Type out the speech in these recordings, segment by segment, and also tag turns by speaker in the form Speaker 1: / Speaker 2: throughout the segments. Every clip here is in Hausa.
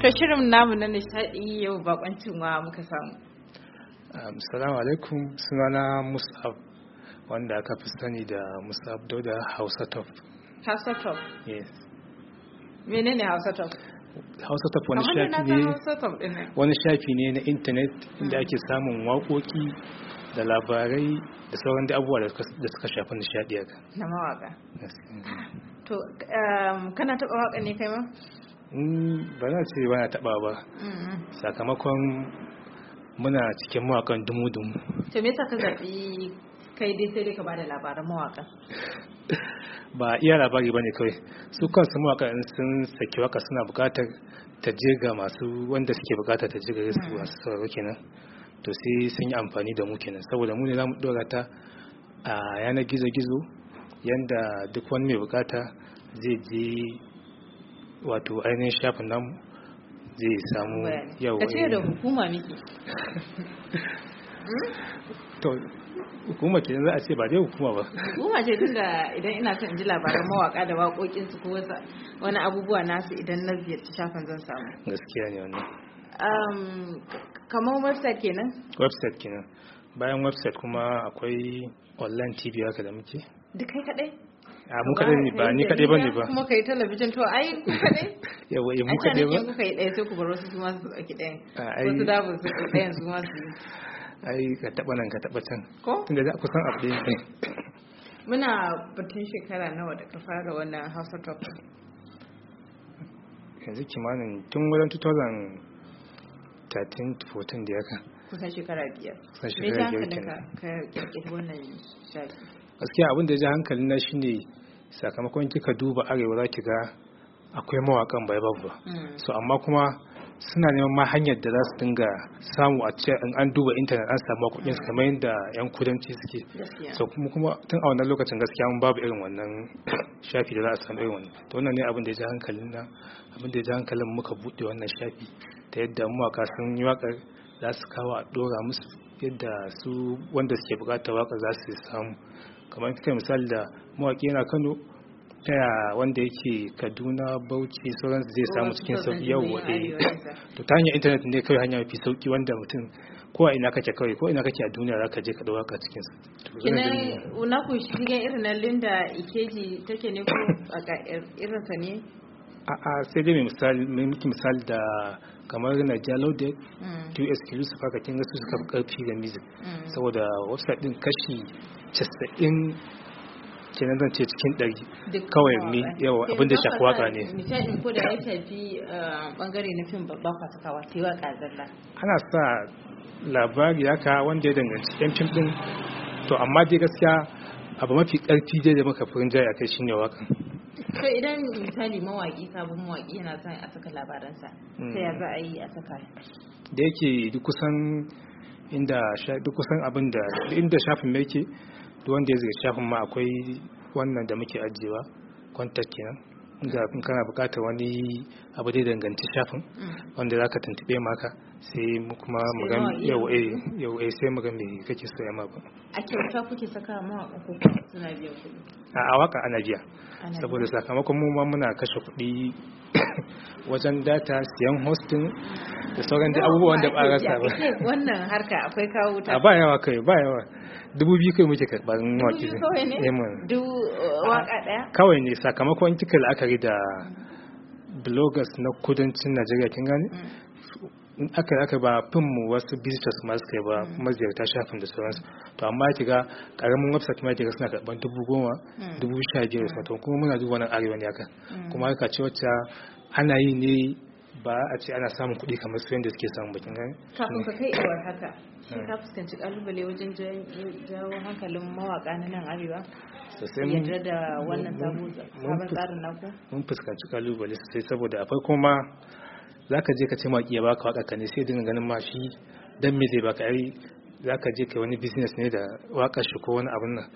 Speaker 1: To shirin namu na nishadi yau bakoncin wa muka samu.
Speaker 2: Assalamu um, alaikum sunana Musab wanda aka fi sani da Musab Dauda Hausa Top. Hausa Top? Yes.
Speaker 1: Menene Hausa Top?
Speaker 2: Hausa Top wani shafi ne wani shafi ne na intanet inda hmm. ake samun waƙoƙi da labarai da sauran da abubuwa da suka shafi nishadi haka. Na Yes.
Speaker 1: to um, kana taba waka ne kai ma
Speaker 2: mm, ba na ce ba na taba ba sakamakon muna cikin mawakan dumudum
Speaker 1: to me yasa ka zabi kai dai sai dai ka bada labaran mawakan
Speaker 2: ba iya labari ba ne kawai su kansu mawakan sun saki waka suna bukatar ta je ga masu wanda suke bukatar ta je ga su mm-hmm. masu sauraro kenan to sai sun yi amfani da mu kenan saboda mu ne za mu dora ta a yanar gizo-gizo yanda duk wani mai bukata zai je wato ainihin shafin namu zai samu yau ka ce da
Speaker 1: hukuma miki hmm?
Speaker 2: to hukuma ke za a ce ba dai hukuma ba
Speaker 1: hukuma ce tun da idan ina son ji labaran mawaka da waƙoƙin su ko wani abubuwa nasu idan na ziyarci shafin zan samu
Speaker 2: gaskiya ne wannan
Speaker 1: um, kamar website kenan
Speaker 2: website kenan bayan website kuma akwai online tv haka da muke duk kai kadai a mu kadai ne ba ni kadai bane ba kuma
Speaker 1: kai talabijin to ai ku kadai
Speaker 2: yawa eh, mu kadai ba
Speaker 1: dai sai ku bar wasu su ma su dauki dayan
Speaker 2: wasu da ba su dayan su ma su ai ka taba nan ka taba can ko tunda za ku san abu
Speaker 1: muna batun shekara nawa da ka fara wannan Hausa Talk
Speaker 2: yanzu kimanin tun wajen 2013 14 da ya
Speaker 1: kusan shekara biyar kusan shekara biyar ka kirkiri wannan shafi
Speaker 2: gaskiya abin da ya ji hankali na shine sakamakon kika duba arewa za ki ga akwai mawakan bai babu mm. so amma kuma suna neman ma hanyar da za su dinga samu a ce in an duba intanet an samu kuɗin su kamar yadda yan kudanci suke so kuma kuma tun a wannan lokacin gaskiya mun babu irin wannan shafi da za a samu irin wannan to wannan ne abin da ya ji hankalin na abin da ya ji hankalin muka buɗe wannan shafi ta yadda mawaka sun yi waƙar za su kawo a ɗora musu yadda su wanda suke bukata waƙar za su samu kamar kai misali da mawaƙi yana kano taya wanda yake kaduna bauchi sauransu zai samu cikin sauki yau waɗe to ta hanyar intanet ne kawai hanya mafi sauki wanda mutum ko ina kake kawai ko ina kake a duniya za ka je ka ɗauka cikin su
Speaker 1: kinan na ku irin na linda ikeji take ne ko a sa ne
Speaker 2: a'a sai dai mai misali da kamar na jalodek mm. to exclusive haka kin ga su suka karfi da music mm. saboda website din kashi 90 kenan zan ce cikin ɗari kawai ne yawa abin da shafi waka ne
Speaker 1: misalin ko da ya bi bangare eh, na fim babba kwatakawa sai waka zalla
Speaker 2: ana sa labari haka wanda ya danganci yan fim din to amma dai gaskiya abu mafi karfi dai da muka furin jaya kai shine wakan
Speaker 1: so idan misali mawaki sabon mawaki yana son a saka labaransa sai hmm. ya za a yi a saka
Speaker 2: da yake duk kusan inda duk kusan abin da inda shafin mai ke wanda ya zai shafin ma akwai wannan da muke ajiyewa kwantar kenan inda kana bukatar wani abu da danganci shafin hmm. wanda za ka tuntube maka sai mu kuma magan yau eh yau eh sai mu ga me kake so ma ba
Speaker 1: a kyauta kuke saka ma uku suna biya kuɗi
Speaker 2: a waka ana biya saboda sakamakon mu ma muna kashe kuɗi wajen data siyan hosting da sauran da abubuwan da ba rasa ba
Speaker 1: wannan harka akwai kawo ta ba
Speaker 2: yawa kai ba yawa dubu biyu kai muke karɓar waki
Speaker 1: dubu waka eh, daya uh,
Speaker 2: kawai ne sakamakon kika la'akari da bloggers na kudancin Najeriya kin gane mm. aka aka ba fin mu wasu visitors ma suka yi ba mm. maziyarta shafin da sauransu to amma ya kiga karamin website ma ya kiga suna karban dubu goma mm. dubu sha biyar da kuma muna duba nan arewa ne haka mm. kuma haka ce wacce ana yi ne ba a ce ana samun kuɗi kamar su yadda suke samun bakin gani kafin
Speaker 1: ka kai iwar haka shi ka fuskanci kalubale wajen jawo hankalin mawaka na nan arewa
Speaker 2: sosai mun yadda da wannan sabon tsarin naku mun fuskanci kalubale sosai saboda akwai kuma Za ka je ka ce maki ya baka waƙa ka ne sai dinga ganin ma shi dan me zai baka za ka je kai wani business ne da wakar shi ko wani abin nan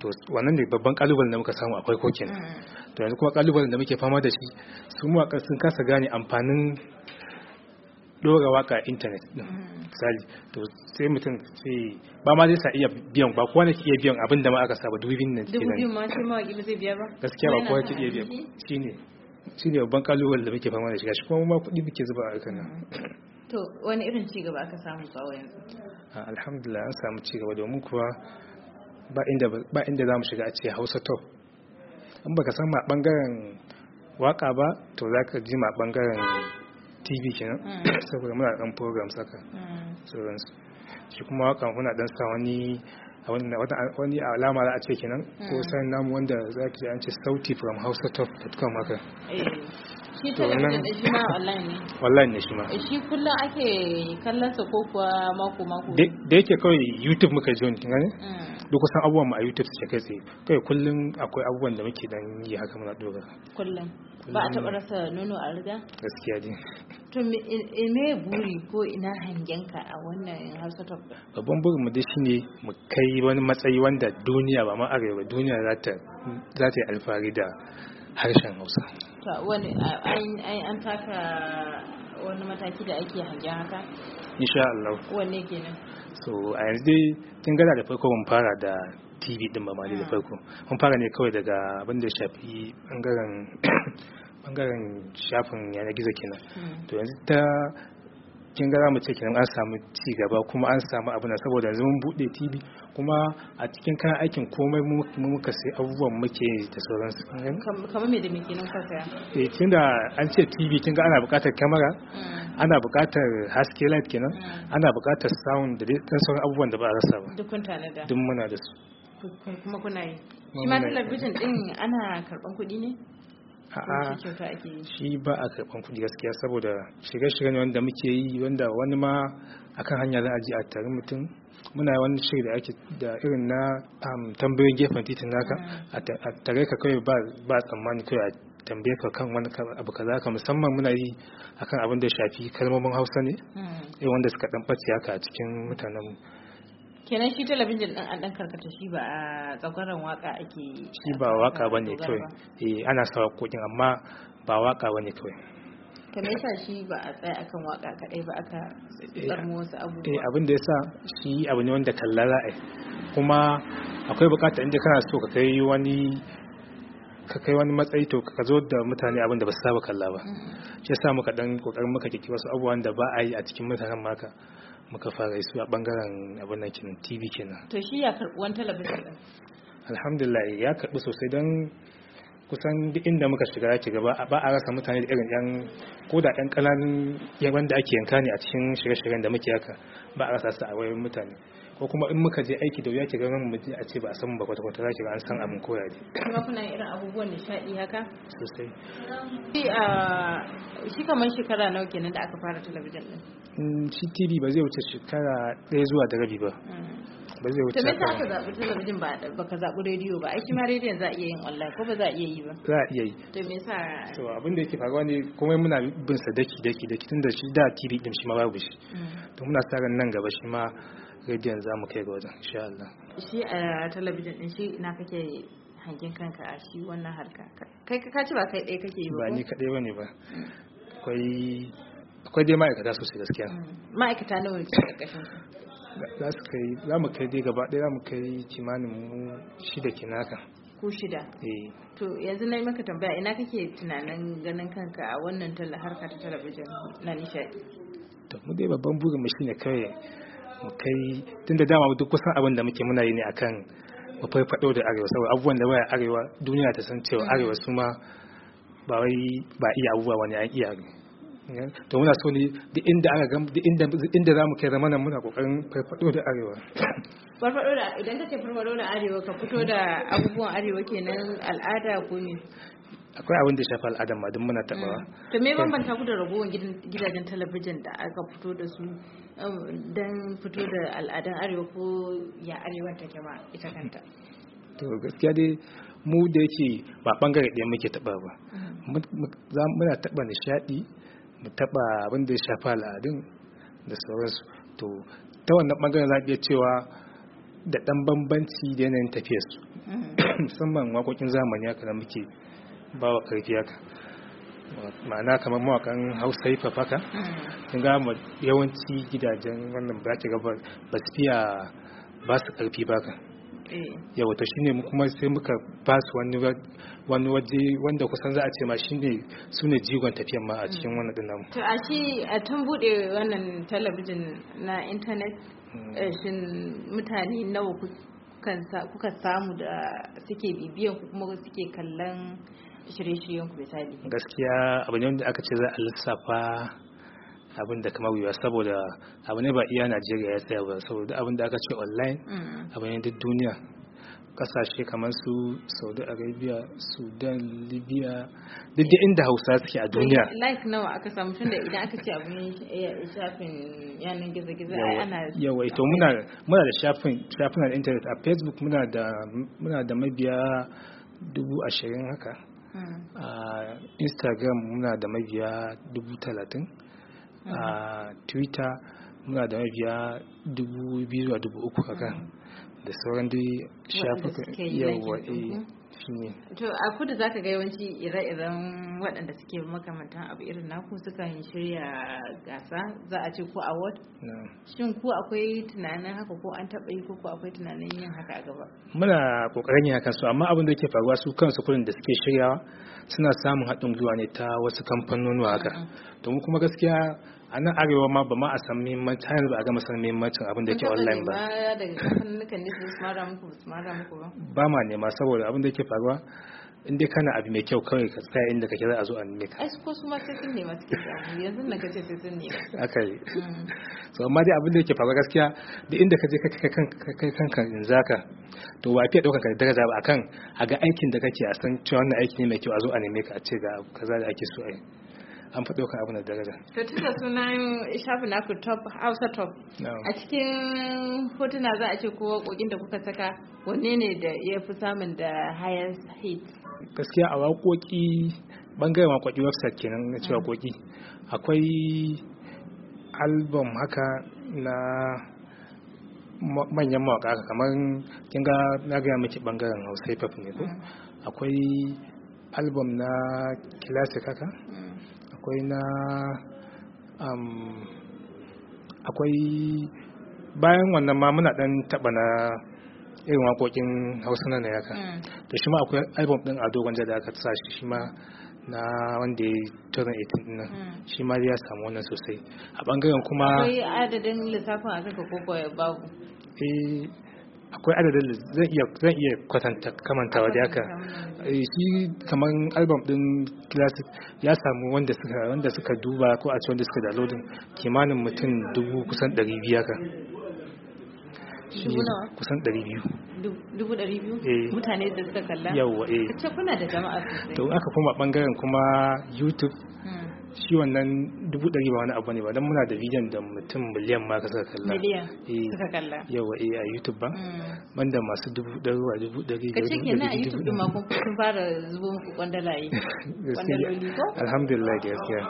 Speaker 2: to wannan ne babban kalubalen da muka samu akwai kokin mm. to yanzu kuma kalubalen da muke fama da shi su mawaƙa sun kasa gane amfanin ɗora waka a intanet din mm. misali to sai mutum sai ba ma zai sa iya biyan ba kowa ne ke iya biyan abin da ma aka saba dubin nan kenan dubin ma
Speaker 1: sai mawaƙi ba zai biya ba gaskiya ba kowa ke iya biya
Speaker 2: shine shi ne babban kalubale da muke fama da shiga shi kuma ma kuɗi muke zuba a kan nan
Speaker 1: to wani irin gaba aka samu tsawo yanzu
Speaker 2: ah, alhamdulillah an samu cigaba domin kuwa ba inda ba inda za mu shiga a ce hausa to in baka san ma bangaren waka ba to za ka ji ma bangaren tv kenan mm. saboda muna dan program saka mm. sauransu shi kuma waka muna dan sa wani wani alama za a ce kenan ko hmm. sayan namu wanda za ka an ce sauti from housetop.com haka
Speaker 1: eh, shi talabijin da shi ma online ne
Speaker 2: online ne shi ma eh,
Speaker 1: shi kullum ake kallon sa ko kuwa mako mako
Speaker 2: da yake kawai youtube muka ji wani gane hmm. duk kusan abubuwan mu a YouTube suke kai tsaye kai kullum akwai abubuwan da muke dan yi haka muna dogara
Speaker 1: kullum ba a taɓa rasa nono a riga gaskiya ne to eh, eh, me buri ko ina hangenka a wannan harsa ta
Speaker 2: babban burin mu dai shine mu kai wani matsayi wanda duniya ba ma arewa duniya za ta za ta yi alfahari da harshen Hausa
Speaker 1: to wani an taka wani mataki da ake hangen haka
Speaker 2: insha Allah wanne kenan so a yanzu dai kin gada da farko mun fara da TV din ba da ah. farko mun fara ne kawai daga abin da shafi bangaren shafin yanar gizo kenan hmm. to yanzu ta kin ga mu ce kenan an samu ci gaba kuma an samu abu na saboda zaman bude TV kuma a cikin kayan aikin komai mu muka sai abubuwan muke da su. kamar me da muke nan ka saya eh tunda an ce TV kin ga ana buƙatar kamera hmm. ana buƙatar haske light kenan hmm. ana buƙatar sound da dai sauran abubuwan da ba a rasa ba
Speaker 1: dukkan da. duk muna da su kuma kuna yi shi ma talabijin din ana karban kuɗi ne
Speaker 2: a'a shi ba a karɓan kuɗi gaskiya saboda shirye-shirye ne wanda muke yi wanda wani ma akan hanya za a ji a tare mutum muna yi wani shiri da ake da irin na um, tambayoyin gefen titin naka mm. a tare ka kawai ba tsammani kawai a tambaye ka kan wani abu kaza ka musamman muna yi akan abin da shafi kalmomin hausa ne mm. wanda suka ɗan ɓace haka a cikin mutanenmu.
Speaker 1: kenan shi talabijin din an dan karkata shi ba ah, tsakarar waka ake shi ba waka bane kawai
Speaker 2: eh ana sawa kokin amma ba waka bane kawai
Speaker 1: kenan yasa shi ba a tsaya akan waka kadai ba aka tsarmo wasu abubuwa eh
Speaker 2: abin da yasa shi abu ne wanda kallara ra'ayi kuma akwai bukata inda kana so ka kai wani ka kai wani matsayi to ka zo da mutane abin da ba su saba kalla ba mm-hmm. shi yasa muka dan kokarin muka kike wasu abubuwan da ba a yi a cikin mutanen maka muka fara isu a bangaren abin nan kenan tv kenan
Speaker 1: to shi ya wani talabijin din
Speaker 2: alhamdulillah ya karbi sosai don kusan duk inda muka shiga ake gaba ba a rasa mutane da irin yan koda yan kananun yaban da ake yanka ne a cikin shirye-shiryen da muke haka ba a rasa su a wayoyin mutane ko kuma in muka je aiki da wuya ke ganin mu a ce ba a san ba kwata kwata za ki an san abin koya ne
Speaker 1: kuma kuna irin abubuwan nishaɗi haka sosai ah, shi kamar shekara nawa kenan da aka fara talabijin din
Speaker 2: mm, shi tv ba zai wuce shekara ɗaya zuwa da rabi ba mm. ba zai wuce ta ka
Speaker 1: zaɓi talabijin ba ka zaɓi rediyo ba aiki ma rediyon za a iya yin online ko ba za a iya yi ba za a iya yi to me sa
Speaker 2: to abin da yake faruwa ne kuma muna bin sa daki daki daki da shi da tv din shi ma babu shi mm. to muna sa ran nan gaba shi ma rediyon za mu kai ga wajen insha Allah
Speaker 1: shi a eh, talabijin din shi ina kake hangen kanka a shi wannan harka kai ka ci ba kai ɗaya kake yi ba ni
Speaker 2: kaɗai ba ne ba akwai akwai dai ma'aikata sosai gaskiya mm.
Speaker 1: ma'aikata nawa ke karkashin
Speaker 2: za su kai za mu kai dai gaba ɗaya za mu kai kimanin mu shida kinaka
Speaker 1: ko shida eh. to yanzu na yi maka tambaya ina kake tunanin ganin kanka a wannan talla harka ta talabijin na nishadi
Speaker 2: to mu dai babban burin mu shine kai mu kai tunda dama duk kusan abin da muke muna yi ne akan mu fado da arewa saboda abubuwan da baya arewa duniya ta san cewa mm. arewa su ma ba wai ba iya abubuwa wani an iya to muna so ne duk inda aka gam duk inda za mu kai zamanan muna kokarin farfado da arewa
Speaker 1: farfado da idan ce farfado da arewa ka fito da abubuwan arewa kenan al'ada ko ne
Speaker 2: akwai abin da shafi al'adar ma duk muna tabawa mm. to me bambanta
Speaker 1: ku da ragowar gidajen talabijin da aka fito da su um, dan fito da al'adun arewa ko ya arewa ta ma ita kanta
Speaker 2: to gaskiya dai mu da yake ba bangare ɗaya muke taba ba mm. muna taɓa nishaɗi mu taɓa abin da ya shafa al'adun da sauransu to ta wannan ɓangaren za a cewa da ɗan bambanci da yanayin tafiyarsu mm. musamman waƙoƙin zamani haka da muke ba wa ƙarfi haka ma'ana kamar mawakan hausa hip haka mm. kin ga yawanci gidajen wannan ba ki gaba ba su fiya ba su ƙarfi ba ka Eh. yawata shi shine kuma sai muka ba su wani waje wanda kusan za a ce ma shine su ne jigon tafiyan ma a mm. cikin wannan din
Speaker 1: to a shi a tun bude wannan talabijin na intanet mm. eh, shin mutane nawa kuka samu da suke bibiyan ku kuma suke kallon shirye-shiryen ku misali
Speaker 2: gaskiya abin ne aka ce za a lissafa abin da kamar wuya saboda abu ne ba iya najeriya ya tsaya ba saboda abin da aka ce online mm. abu ne duk duniya kasashe kamar su saudi arabia sudan libya duk da inda hausa suke a duniya
Speaker 1: like nawa aka samu tun da idan aka ce abu ne shafin yanin gizo-gizo ana yawa ito muna
Speaker 2: da shafin shafin da internet a facebook muna da mabiya dubu ashirin haka mm. a instagram muna da mabiya dubu talatin a twitter muna da mabiya dubu biyu zuwa dubu uku a kan da sauran dai shafukan yawa mm. eh,
Speaker 1: to a kudu za ka ga yawanci ire-iren waɗanda suke makamantan abu irin naku yin shirya gasa za a ce ko award shin ko akwai tunanin haka ko an taɓa yi ko ko akwai tunanin yin haka a
Speaker 2: gaba muna ƙoƙarin yin haka su amma abin da ke faruwa su kansu kudin da suke shiryawa suna samun haɗin gwiwa ne ta wasu kamfanonuwa haka domin kuma gaskiya a nan arewa ma ba ma a san muhimmanci har yanzu a gama san muhimmancin abin da yake online ba ba ma nema saboda abin da yake faruwa in dai kana abu mai kyau kawai ka tsaya inda kake za a zo a neme ka
Speaker 1: ai ko su ma sai sun nema suke samu yanzu na kace sai sun nema
Speaker 2: akai mm. so amma dai abin da yake faruwa gaskiya duk inda ka je ka kai kanka kai kanka in zaka to wa fiye daukar ka daraja ba akan a ga aikin da kake a san cewa wannan aiki ne mai kyau a zo a neme ka a ce ga kaza da ake so a yi an fi ɗaukar abu na daraja.
Speaker 1: To tun da sunan shafin naku top Hausa top. A cikin hotuna za a ce ko waƙoƙin da kuka saka wanne ne da ya fi samun da highest hit?
Speaker 2: Gaskiya a waƙoƙi bangaren waƙoƙi website kenan na ce mm. waƙoƙi. Akwai album haka na manyan mawaƙa kamar kin ga na gaya miki bangaren Hausa hip ne ko mm. akwai album na classic haka mm. akwai na akwai bayan wannan ma muna dan taba na irin wakokin hausa na na yaka hmm. to shi ma akwai album din ado gwanja da aka sa shi ma na wanda ya turin 18 din nan hmm. shi ma ya samu wannan sosai a bangaren kuma akwai
Speaker 1: adadin lissafin a kaka koko ya babu
Speaker 2: eh akwai adadin da zan iya kwatanta kamantawa da haka eh, shi kamar album din classic ya samu wanda suka wanda suka duba ko a ci wanda suka downloading kimanin mutum dubu kusan 200 biyu haka kusan 200 biyu
Speaker 1: dubu biyu eh. mutane da suka kalla yawwa eh kuna da jama'a sosai to
Speaker 2: aka kuma bangaren kuma youtube hmm. shi wannan dubu ɗari ba wani abu ne ba don muna da bidiyon da mutum miliyan ma ka kalla miliyan eh, yawa eh, a youtube ba mm. banda masu dubu ɗari wa dubu ɗari ka cike na a youtube ɗin
Speaker 1: makon kun fara zubo muku kwandalaye kwandaloli ko alhamdulillah gaskiya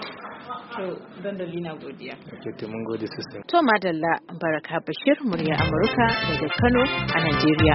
Speaker 1: to dandali na godiya
Speaker 2: ok to mun gode sistem to
Speaker 1: madalla baraka bashir murya amurka daga kano a najeriya